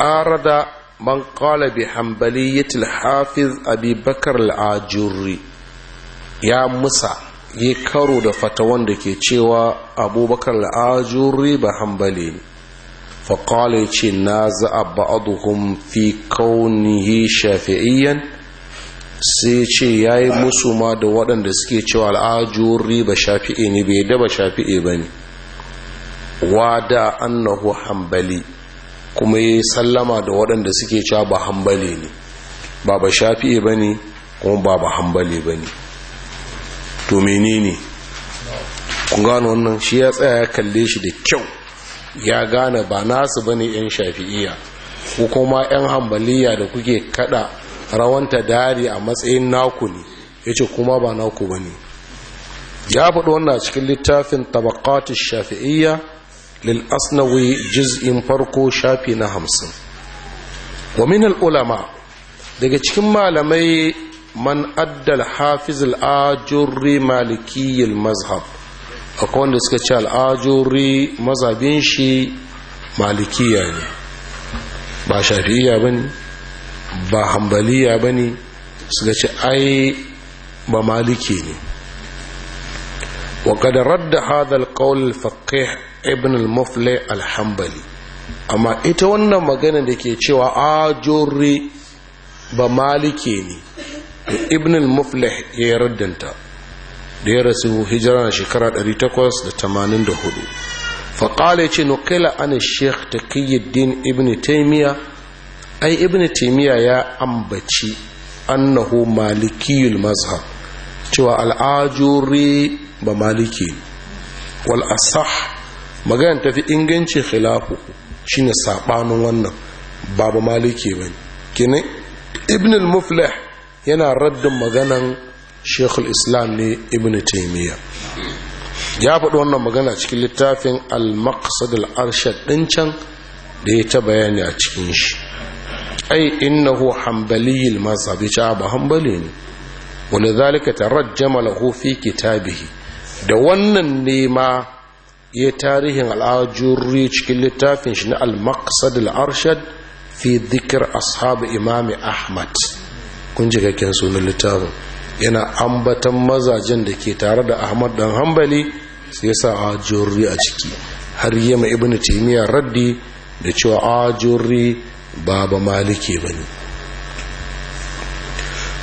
arada man qala bi hanbaliyyatil hafiz abi bakar al ya musa yi karo da fatawan da ke cewa abubakar al-ajurri ba hanbali ne فقال يتشي نازع بعضهم في كونه شافعيا سيتشي ياي musu ma da waɗanda suke cewa al'ajuri ba shafi'i ne bai da ba shafi'i bane wa da annahu hanbali kuma ya sallama da waɗanda suke cewa ba hambale ne ba ba shafi'e ba ne kuma ba ba hambale ba ne to ne kun gano wannan shi ya tsaya ya kalle shi da kyau ya gane ba nasu ba ne 'yan shafi'iyya ko kuma 'yan hambaliya da kuke kada rawanta dari a matsayin naku ne ya ce kuma ba naku ba ne ya faɗi wannan cikin littafin tabakatun shafi'iyya lil asnawi juz'in farko shafi na hamsin wa min ulama daga cikin malamai man addal hafiz al-ajurri maliki mazhab akwai wanda suka ce al-ajurri mazhabin shi malikiya ne ba shafi'iyya bane ba hambaliya bane suka ce ai ba maliki ne وقد رد هذا القول الفقيه ibn al-mufli al-hambali amma ita wannan magana da ke cewa ajurri ba malike ne ibn al-mufli ya yi raddanta da ya rasu hijira na shekara 884 faƙale ce nukila an sheikh taqiyyuddin ibn taimiyya ai ibn taimiyya ya ambaci annahu malikiyul mazhab cewa al'ajuri ba maliki wal asah magana tafi inganci khilafu shine sabanin wannan babu maliki bane kenan ibn al-muflih yana raddin maganan shekul islam ne ibn taimiyya ya faɗi wannan magana cikin littafin al-maqsad al-arshad ɗin can da ya ta bayani a cikin shi ai innahu hanbaliyil mazhab ya ah, ba hanbali ne wani zalika tarajjama lahu fi kitabihi da wannan nema ya tarihin al'ajurri cikin littafin shi na al-maqsad al-arshad fi dhikr ashab imami ahmad kun ji kakken sunan littafin yana ambatan mazajen da ke tare da ahmad dan hambali sai sa ajurri a ciki har yema Ibn taymiya raddi da cewa ajurri baba maliki bane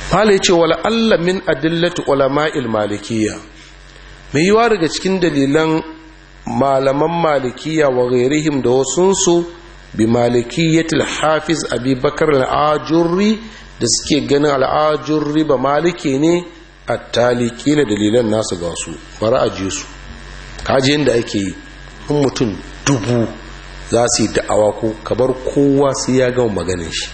Fale ce wala Allah min adillatu ulama'il malikiyya mai yiwa daga cikin dalilan malaman malikiya wa gairihim da wasunsu bi malikiyatul hafiz abi bakar al'ajurri da suke ganin al'ajurri ba maliki ne a taliki na dalilan nasu ga su fara a su kaji yadda ake yi in mutum dubu za su yi da'awa ko kabar kowa sai ya gama maganin shi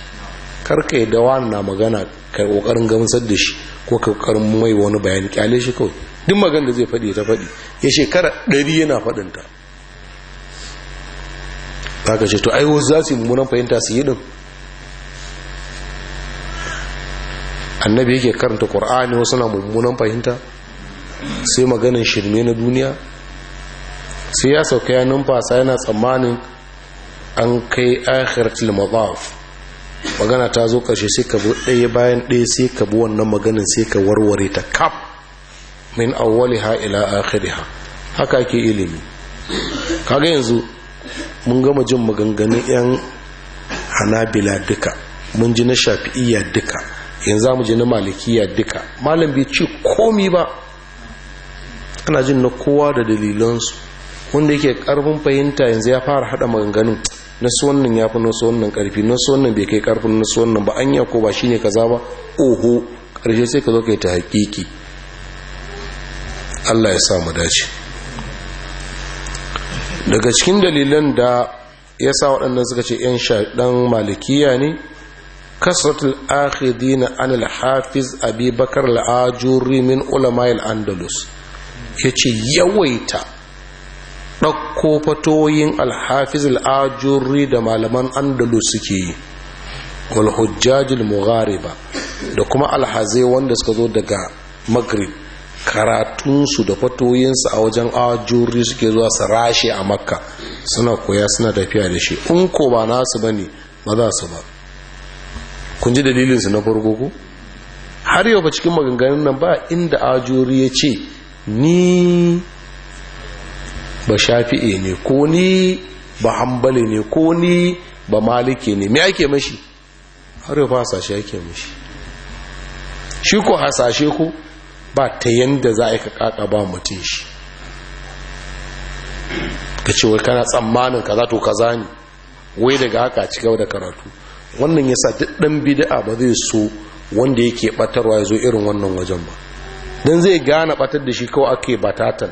karka yi dawa na magana kai kokarin gamsar da shi ko ka kokarin mai wani bayan kyale shi kawai duk magan da zai faɗi ta faɗi ya shekara ɗari yana faɗinta ta ka ce to ai wasu za su yi mummunan fahimta su yi ɗin annabi yake karanta ƙur'ani wasu na mummunan fahimta sai maganin shirme na duniya sai ya sauka ya numfasa yana tsammanin an kai akhiratul mazaf magana ta zo ƙarshe sai ka bi ɗaya bayan ɗaya sai ka bi wannan maganin sai ka warware ta kaf min awwaliha ila akhiriha haka ke ilimi kaga yanzu mun gama jin maganganu yan hanabila duka mun ji na shafi'iyya duka yanzu mu ji na malikiya duka malam bai ci komi ba ana jin na kowa da dalilansu wanda yake karfin fahimta yanzu ya fara hada maganganun na su wannan ya fi na su wannan karfi na su wannan bai kai karfin na su wannan ba anya ko ba shine kaza ba oho karshe sai ka zo kai ta hakiki Allah ya sa mu dace daga cikin dalilan da ya sa waɗannan suka ce 'yan shaɗan malikiya ne kasratul akhidina an al-hafiz abi bakar la'ajuri min min ulama'il andalus ce yawaita ɗauko fatoyin alhafiz al’ajuri ajuri da malaman andalus suke yi wal hujjajul mughariba da kuma alhazai wanda suka zo daga magrib karatunsu da fatoyinsu a wajen ajuri suke zuwa su rashe a makka suna koya suna tafiya da shi in ko ba nasu ba ne ba za su ba kun ji dalilinsu na farko ku har yau ba cikin maganganun nan ba inda ajuri ya ce ni ba shafi'e ne ko ni ba hambali ne ko ni ba malike ne me ake mashi har yau ba hasashe ake mashi shi ko hasashe ko ba ta yadda za a yi ka kaka ba mutum shi ka ce kana tsammanin kaza to kaza ne wai daga haka ci gaba da karatu wannan yasa duk dan bid'a ba zai so wanda yake batarwa ya zo irin wannan wajen ba dan zai gane batar da shi kawai ake batatan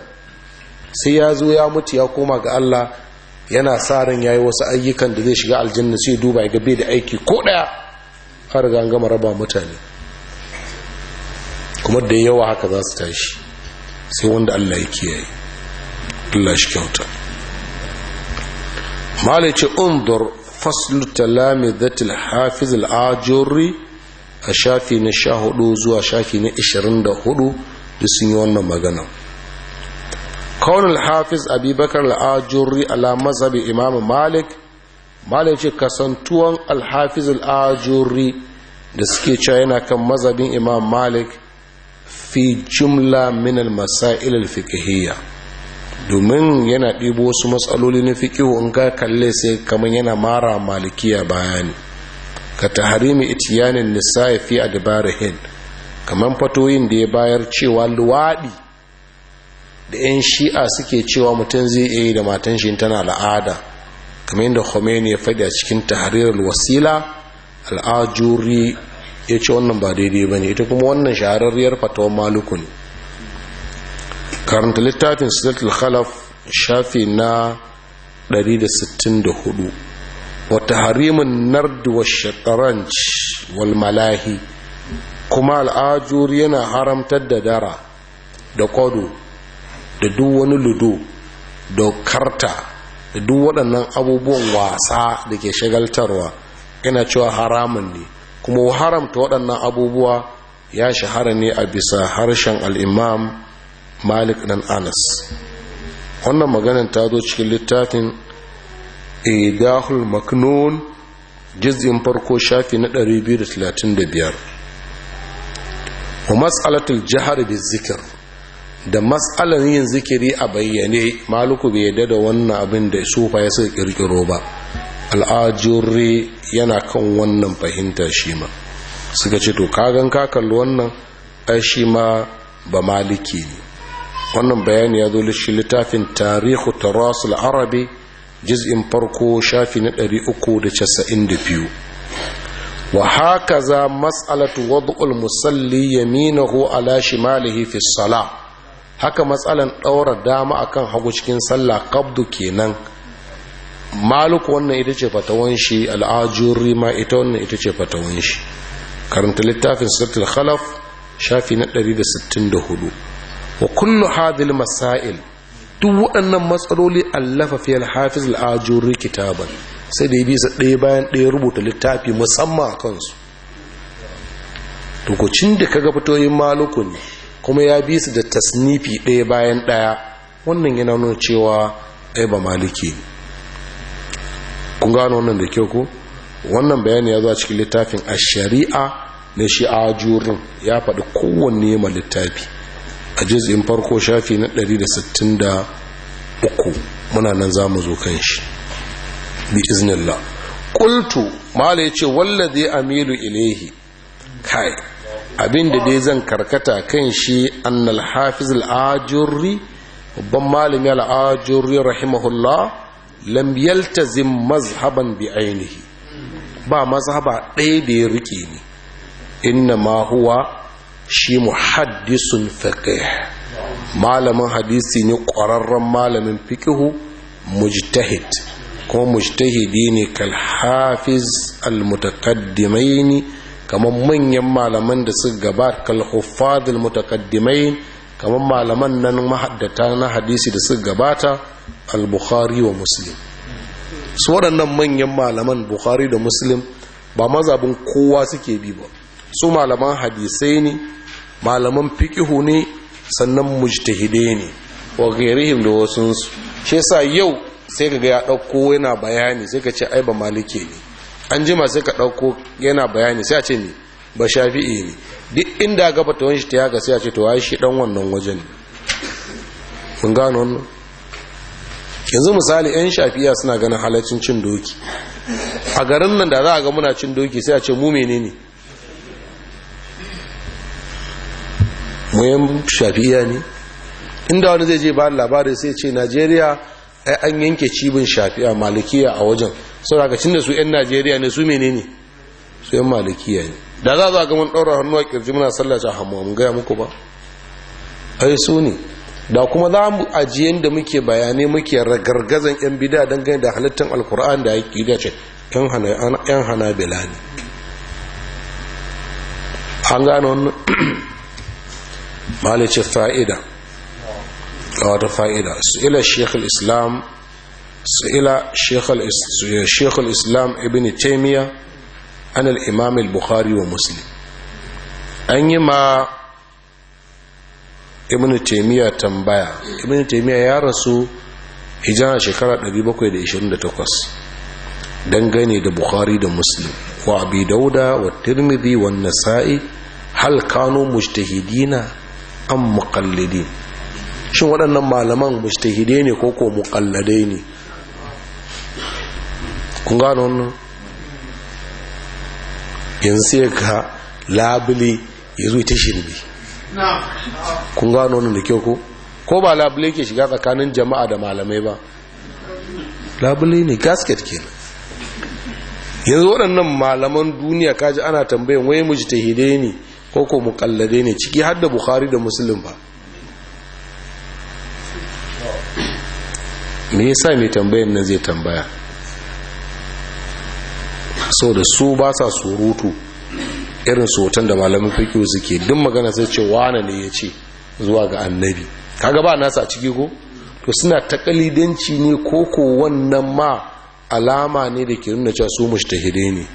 sai ya zo ya mutu ya koma ga Allah yana sa ran yi wasu ayyukan da zai shiga aljanna sai duba ya ga bai da aiki ko ɗaya. har ga gama raba mutane kuma da yawa haka za su tashi sai wanda Allah ya kiyaye Allah shi kyauta malai ce undur faslu talami zatil hafiz al'ajurri a shafi na sha hudu zuwa shafi na ishirin da hudu da sun yi wannan magana kawun hafiz abubakar al'ajuri alamar zabi imam malik malai ce kasantuwan al-hafiz da suke cewa yana kan mazabin imam malik fi jumla min al-masail al-fiqhiyya domin yana ɗibo wasu matsaloli na fiƙihu in ka kalle sai kaman yana mara malikiya bayani ka tahrimi itiyanin nisa'i fi adbarihin kaman fatoyin da ya bayar cewa luwaɗi da 'yan shi'a suke cewa mutum zai iya yi da matan shi tana al'ada kamar yadda khomeini ya faɗi a cikin tahrirar wasila al'ajuri ya ce wannan ba daidai ba ne ita kuma wannan shahararriyar fatawan maluku ne karanta littafin silatul khalaf shafi na 164 wata harimin narduwa wa wal malahi kuma al'ajur yana haramtar da dara da kwado da duk wani ludo da karta da duk waɗannan abubuwan wasa da ke shagaltarwa yana cewa haramun ne kuma haramta waɗannan abubuwa ya shahara ne a bisa harshen al'imam malik ɗan anas wannan maganin ta zo cikin littafin idahul maknun jizin farko shafi na 235 wa matsalatul jihar bi zikir da matsalar yin zikiri a bayyane maluku bai yadda da wannan abin da sufa ya sai kirkiro ba al'ajurri yana kan wannan fahimta shi ma suka ce to kagan ka kalli wannan ai shi ma ba maliki ne wannan bayani ya zo shi littafin tarihu tarasul arabi juz'in farko shafi na da da casa'in biyu. wa haka za ulmusalli wad'ul musalli yaminahu ala malihi fi salah haka matsalan daura dama akan hagu cikin sallah kabdu kenan Maluku wannan ita ce fatawan shi al'ajuri ma ita wannan ita ce fatawan shi karanta littafin sirtul khalaf shafi na 164 wa kullu hadhil masail duk waɗannan matsaloli allafa fi al-hafiz al-ajuri kitaban sai da bisa ɗaya bayan ɗaya rubuta littafi musamman a kansu lokacin da kaga fitoyin maluku ne kuma ya bisa da tasnifi ɗaya bayan ɗaya wannan yana nuna cewa ai ba maliki ne kun gano wannan da kyau ko wannan bayani ya zo a cikin littafin a shari'a na shi a jurin ya faɗi kowanne ma littafi a jizin farko shafi na 163 muna nan za mu zo kan shi bi iznillah qultu mala yace wallazi amilu ilaihi kai abin da dai zan karkata kan shi annal hafiz al babban malami al rahimahullah lam yaltazim mazhaban bi ainihi ba mazhaba ɗaya da ya rike ni inna ma huwa shi muhaddisun faqih malamin hadisi ne ƙwararren malamin fikihu mujtahid Ko mujtahidi ne kal hafiz al mutaqaddimaini kamar manyan malaman da suka gabata kal huffaz mutaqaddimain kamar malaman nan mahaddata na hadisi da suka gabata al-bukhari wa muslim su waɗannan manyan malaman bukhari da muslim ba mazabin kowa suke bi ba su malaman hadisai ne malaman fikihu ne sannan mujtahide ne wa gairihim da wasu shi yasa yau sai ka ga ya ɗauko yana bayani sai ka ce ai ba malike ne an jima sai ka ɗauko yana bayani sai a ce ne ba shafi'i ne duk inda gaba ta wani shi ta yaga sai a ce to ai shi ɗan wannan wajen ne yanzu misali 'yan shafiya suna ganin halaccin cin doki a garin nan da za a ga muna cin doki sai a ce mu mene mu yan shafiya ne inda wani zai je ba labarin sai ce najeriya ai an yanke cibin shafiya malikiya a wajen sau saboda cin da su 'yan najeriya ne su mene ne su 'yan malikiya ne da za a ga mun ɗaura hannu a kirji muna sallace a hamu gaya muku ba ai su ne da kuma za mu ajiye da muke bayanai muke ragargazan yan bida don gani da halittar alkur'an da yake da ce yan hana belani an gano wannan malice fa'ida wata fa'ida su ila shekul islam ibn taimiyya an al'imamil buhari wa الإمام an yi ma. ibn taymiya tambaya ibn taymiya ya rasu hijira shekara 728 dangane da bukhari da muslim wa abi dauda wa tirmidhi wa nasa'i hal kanu mujtahidina am muqallidin shin waɗannan malaman mujtahide ne ko ko muqalladai ne kun gano wannan yanzu sai ka labule ya zo ta shirbi kun gano nan da kyau ko ko ba labule ke shiga tsakanin jama'a da malamai ba labule ne gasket ke yanzu waɗannan malaman duniya kaji ana tambayin wai mujtahide ne ko ko mu kallade ne ciki har da bukhari da musulun ba me yasa mai tambayin nan zai tambaya so da su ba sa surutu irin hoton da malamin fikiyo suke duk magana sai ce wane ne ya ce zuwa ga annabi kaga ba nasa a ciki ko to suna takalidanci ne ko ko wannan ma alama ne da ke nuna cewa su mushtahide ne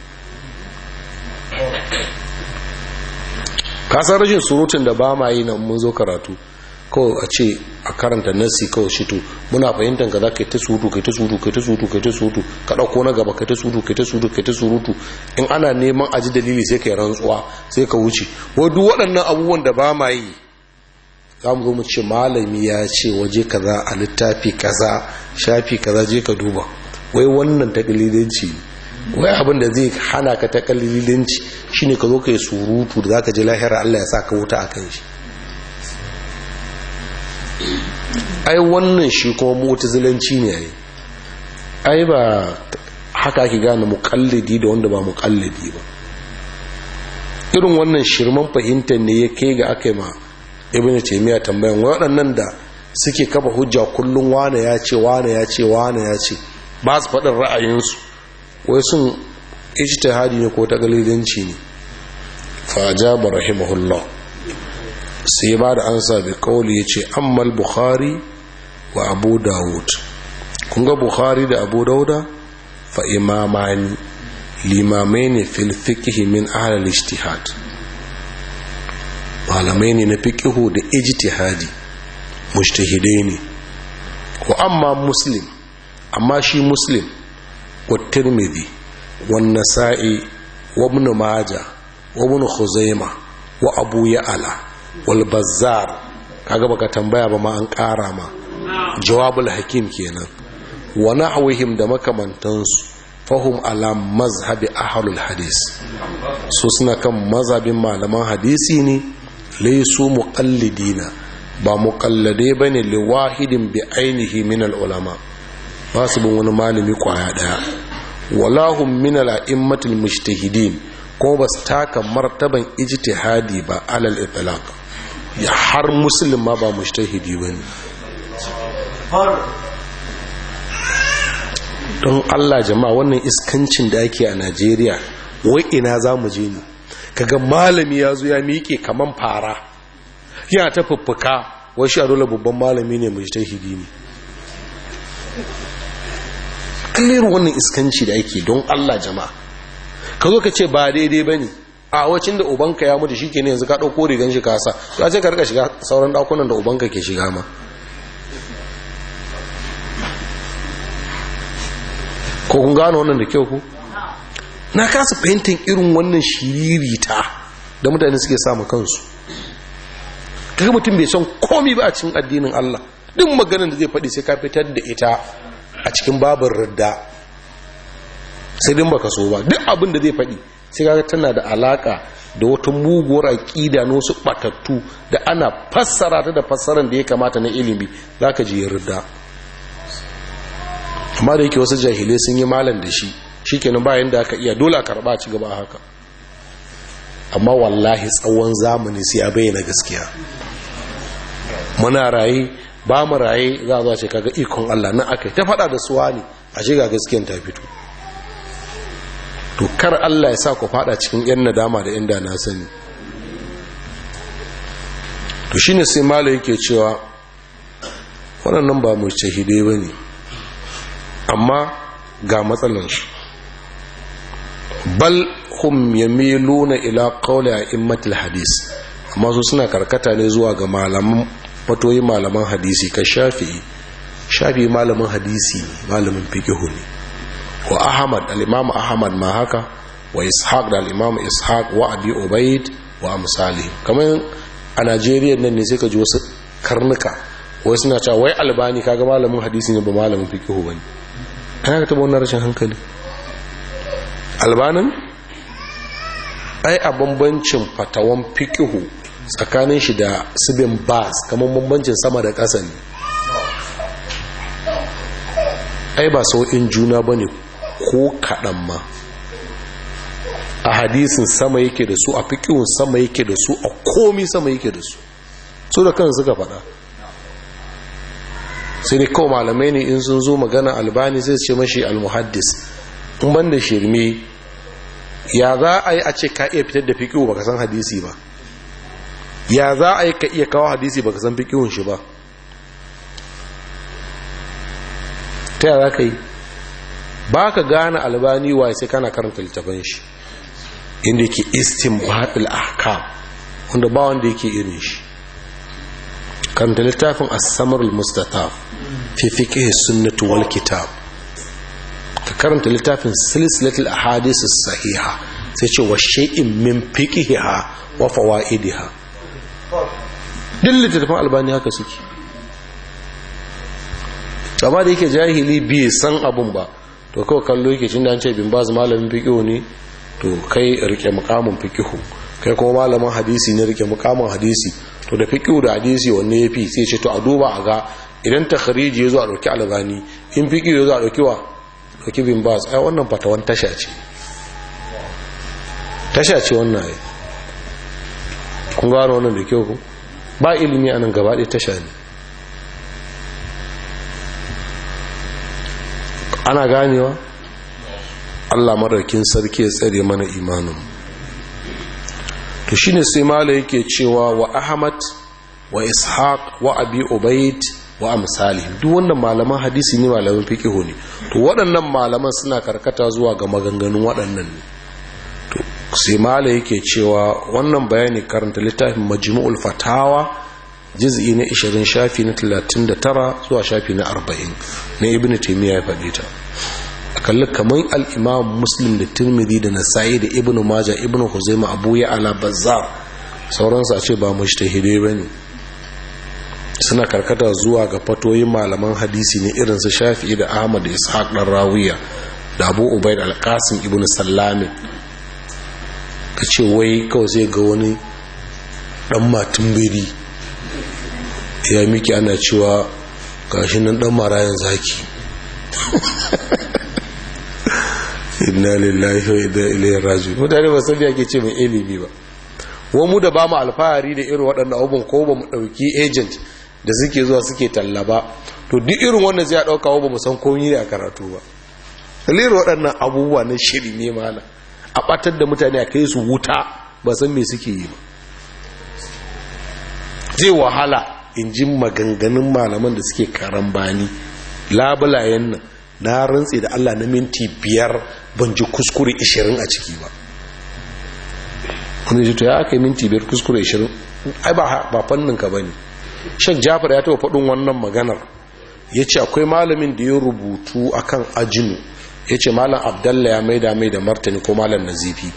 kasar rashin surutun da ba ma yi nan mun zo karatu kawai a ce a karanta nasi kawai shi to muna fahimtar ka za ka yi ta surutu ka yi ta surutu ka yi ta surutu ka yi ta surutu ka ɗauko na gaba ka yi ta surutu ka yi ta surutu ka yi ta surutu in ana neman aji dalili sai ka yi rantsuwa sai ka wuce wai duk waɗannan abubuwan da ba ma yi za mu zo mu ce malami ya ce waje kaza a littafi kaza shafi kaza je ka duba wai wannan ƙalilinci wai abin da zai hana ka ta takalilanci shine ka zo ka yi surutu da za ka ji lahira Allah ya sa ka wuta a kan shi ai wannan shi kuma mutazilanci ne ai ai ba haka ake gane mukallidi da wanda ba mukallidi ba irin wannan shirman fahimtar ne ya kai ga aka yi ma ibn taymiya tambayan waɗannan da suke kafa hujja kullun wane ya ce wane ya ce wane ya ce ba su faɗin ra'ayinsu wai sun ijtihadi ne ko ta galidanci ne fa ajaba rahimahullah sai ba da ansa bi kauli yace ammal bukhari wa abu dawud kun ga buhari da abu dauda fa imamani limamai ne fil min ahalar istihad malamai ne na fikihu da ijtihadi mustahidai ne wa amma muslim amma shi muslim wa tirmidhi wa nasa'i wa ibn majah wa ibn khuzaimah wa abu ya'ala wal bazzar kaga baka tambaya ba ma an kara ma jawabul hakim kenan wa nahwihim da makamantansu fahum ala mazhabi ahlul hadis su suna kan mazhabin malaman hadisi ne laisu muqallidina ba muqallade bane li wahidin bi ainihi min al ulama ba su bin wani malami kwaya daya walahum min al a'immatil mujtahidin ko ba su taka martaban ijtihadi ba alal itlaq ya har muslim ma ba mujtahidi bane don allah jama'a wannan iskancin da ake a najeriya wai ina za mu je ne kaga malami ya zo ya miƙe kaman fara ya ta fuffuka wai shi a dole babban malami ne mai hidi ne kallirin wannan iskanci da ake don allah jama'a ka zo ka ce ba daidai ba ne a wacin da ubanka ya mutu shi ke ne yanzu ka ɗauko rigan shi kasa ya ce ka rika shiga sauran ɗakunan da ubanka ke shiga ma ko kun gano wannan da kyau ku na kasa fahimtar irin wannan shiririta da mutane suke samu kansu kaga mutum bai san komai ba a cikin addinin Allah duk maganar da zai faɗi sai ka fitar da ita a cikin babin radda sai din baka so ba duk abin da zai faɗi sai kaga tana da alaka da wata muguwar aƙida na wasu ɓatattu da ana fassara ta da fassaran da ya kamata na ilimi zaka ji yarda amma da yake wasu jahilai sun yi malam da shi shi kenan bayan da aka iya dole a karba ci gaba haka amma wallahi tsawon zamani sai a bayyana gaskiya muna raye ba mu raye za a ce kaga ikon Allah nan aka ta faɗa da suwa ne a shiga gaskiyan ta fito to kar Allah ya sa ku faɗa cikin yan nadama da inda da na sani to shine sai malai yake cewa waɗannan ba mu shahidai bane amma ga matsalan su bal hum yamiluna ila qawli a'immatil hadis amma su suna karkata ne zuwa ga malaman fatoyi malaman hadisi ka shafi'i shafi malamin hadisi malamin fiqhu ne wa ahmad al-imam ahmad ma haka wa ishaq da al-imam ishaq wa abi ubaid wa amsali kamar a Najeriya nan ne sai ka ji wasu karnuka wai suna cewa wai albani kaga malamin hadisi ne ba malamin fiqhu bane ya ka taɓa wannan rashin hankali albanin ai a bambancin fatawan fikihu tsakanin shi da sibin bas kamar bambancin sama da ƙasa ne ai ba sau'in juna ba ne ko kaɗan ma a hadisin sama yake da su a fikihun sama yake da su a komi sama yake da su su da kan suka faɗa sai dai kawai malamai ne in sun zo magana albani zai ce mashi almuhaddis in ban da shirme ya za a yi a ce ka iya fitar da ba baka san hadisi ba ya za a yi ka iya kawo hadisi baka san fiƙiwun shi ba ta za ka yi ba ka gane albani wa sai kana karanta littafin shi inda yake istinbatul ahkam wanda ba wanda yake irin shi karanta littafin as-samarul mustataf fi fiƙe sunnatu wal kitab ka karanta littafin a ahadith sahiha sai ce wa shay'in min fiqhiha wa fawaidiha duk littafin albani haka suke amma da yake jahili bi san abun ba to kawai kallo yake cin da an ce bin su malamin fiqhu ne to kai rike mukamin fiqhu kai kuma malamin hadisi ne rike mukamin hadisi to da fiqhu da hadisi wanne ya fi sai ce to a duba a ga idan khariji ya zo a ɗauki albani in fiƙi ya zo a ɗauki wa ɗauki bin ba ai wannan fatawan tasha ce tasha ce wannan ai kun gano wannan da kyau ku ba ilimi a nan gaba ɗaya tasha ne ana ganewa Allah madaukin sarki ya tsare mana imanin to shine sai mala yake cewa wa ahmad wa ishaq wa abi ubayd wa amsalihim duk wannan malaman hadisi ne malaman fiqh ne to waɗannan malaman suna karkata zuwa ga maganganun waɗannan ne to sai mala yake cewa wannan bayani karanta littafin majmu'ul fatawa juz'i na 20 shafi na 39 zuwa shafi na 40 na ibnu taymiya ya faɗi ta akalla kamar al-imam muslim da tirmidhi da nasa'i da ibnu maja ibnu huzaima abu ya ala bazzar sauransu a ce ba ba bane suna karkata zuwa ga fatoyin malaman hadisi ne irin su shafi da ahmad da ishaq dan rawiya da abu ubaid alqasim ibn sallamin ka ce wai kawai sai ga wani dan matin biri ya miki ana cewa gashi nan dan marayan zaki inna lillahi wa inna ilaihi raji'un mutane ba san yake ce mai ilimi ba wa mu da ba mu alfahari da irin waɗannan abubuwan ko ba mu ɗauki agent da suke zuwa suke talla ba, to duk irin wannan zai dauka ba mu san komai a karatu ba dalilin waɗannan abubuwa na shiri ne mala a batar da mutane a kai su wuta ba san me suke yi ba zai wahala in ji maganganun malaman da suke karambani labulayen nan na rantse da Allah na minti biyar ban ji kuskure ishirin a ciki ba kuma ji to ya aka minti biyar kuskure ishirin ai ba fannin ka ba ne shan jafar ya taɓa faɗin wannan maganar ya ce akwai malamin da ya rubutu akan ajinu ya ce malam abdalla ya maida mai da martani ko malam nazifi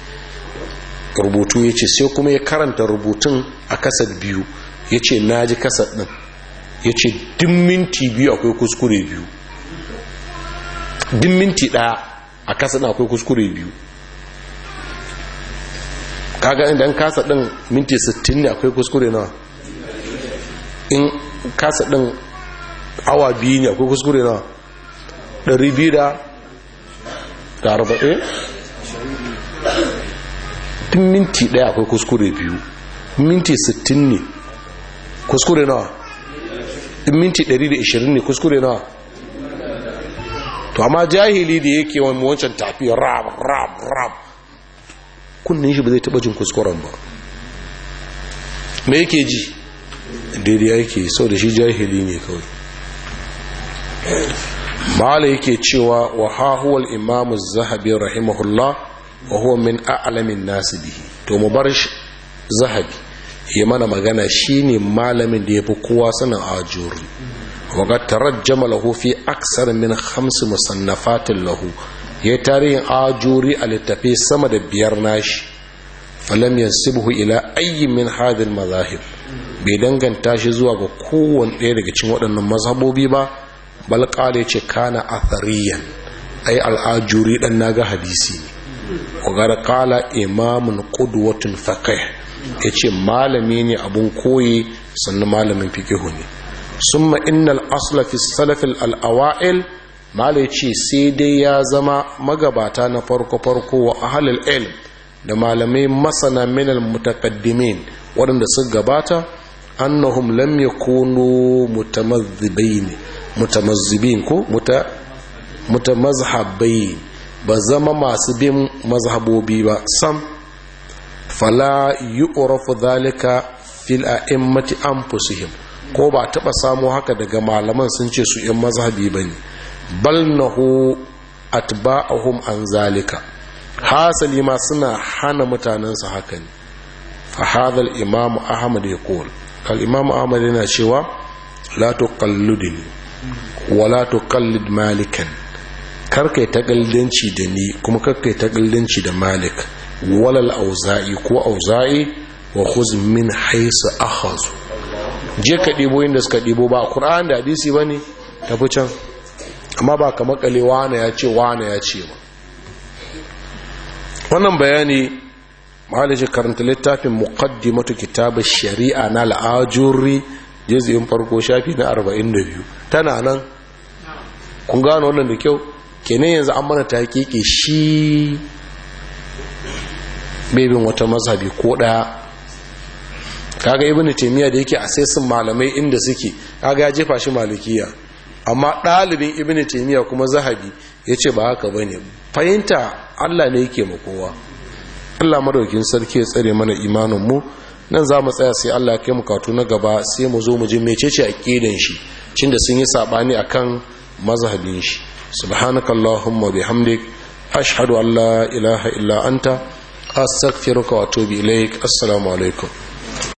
rubutu ya ce sai kuma ya karanta rubutun a kasar biyu ya ce na ji kasar ɗin ya ce din minti biyu akwai kuskure biyu din minti ɗaya a kasar ɗin akwai kuskure biyu kaga idan kasar ɗin minti 60 ne akwai kuskure nawa in kasa ɗin awa biyu ne akwai kuskure na 240 tun minti ɗaya akwai kuskure biyu minti 60 ne kuskure na tun minti 120 ne kuskure na to amma jahili da yake wani wancan tafi rab rab rab kunnen shi ba zai taɓa jin kuskuren ba me yake ji daidai yake da shi jahili ne kawai ma'ala yake cewa wa hahuwal zahabi rahimahullah wa huwa min a'lamin nasu to mu bar zahabi ya mana magana shine malamin da yafi kowa sanin a jori wa fi aksar min khamsi musannafatin lahu ya tarihin a jori a littafi sama da biyar nashi falam yansibuhu ila ayyi min hadhihi al-madhahib bai danganta shi zuwa ga kowane ɗaya daga cikin waɗannan mazhabobi ba balƙala ya ce kana athariyan ai al'ajuri ɗan naga hadisi ne ƙwagar ƙala imamun ƙudwatun faƙai ya ce malami ne abun koyi sannan malamin fikihu ne sun innal asla fi al'awa'il mala ce sai dai ya zama magabata na farko-farko wa ahalil ilm da malamai masana minal mutakaddimin waɗanda sun gabata annahum lam yakunu mutamazzibin mutamazzibin ko muta mutamazhabai ba zama masu bin mazhabobi ba sam fala yu'rafu dhalika fil a'immati anfusihim ko ba taba samu haka daga malaman sun ce su yan mazhabi bane bal nahu atba'uhum an zalika hasali ma suna hana mutanensu haka ne fa hadha al imam ahmad yaqul al'imamu ahmad yana cewa la kalludin wa la kallid malikan karkai taƙaldanci da ni kuma karkai taƙaldanci da malik walal auza'i ko auza'i wa khuz min haisu ahazu je ka ɗibo inda suka ɗibo ba ƙura'an da hadisi ba ne tafi can amma ba ka makale wane ya ce wane ya ce ba wannan bayani malaji karanta littafin muqaddimatu kitabu shari'a na al-ajuri farko shafi na 42 tana nan kun gano wannan da kyau kenan yanzu an mana taƙiƙi shi bebin wata mazhabi ko ɗaya kaga ibnu taymiya da yake a malamai inda suke kaga ya jefa shi malikiya amma ɗalibin ibnu taymiya kuma zahabi yace ba haka bane fahimta Allah ne yake ma kowa Allah madaukin sarki ya tsare mana imanin mu nan za mu tsaya sai Allah ya kai mu kato na gaba sai mu zo mu ji mecece aqidan shi cinda sun yi sabani akan mazhabin shi subhanakallahumma bihamdik ashhadu an la ilaha illa anta astaghfiruka wa atubu ilaik assalamu alaikum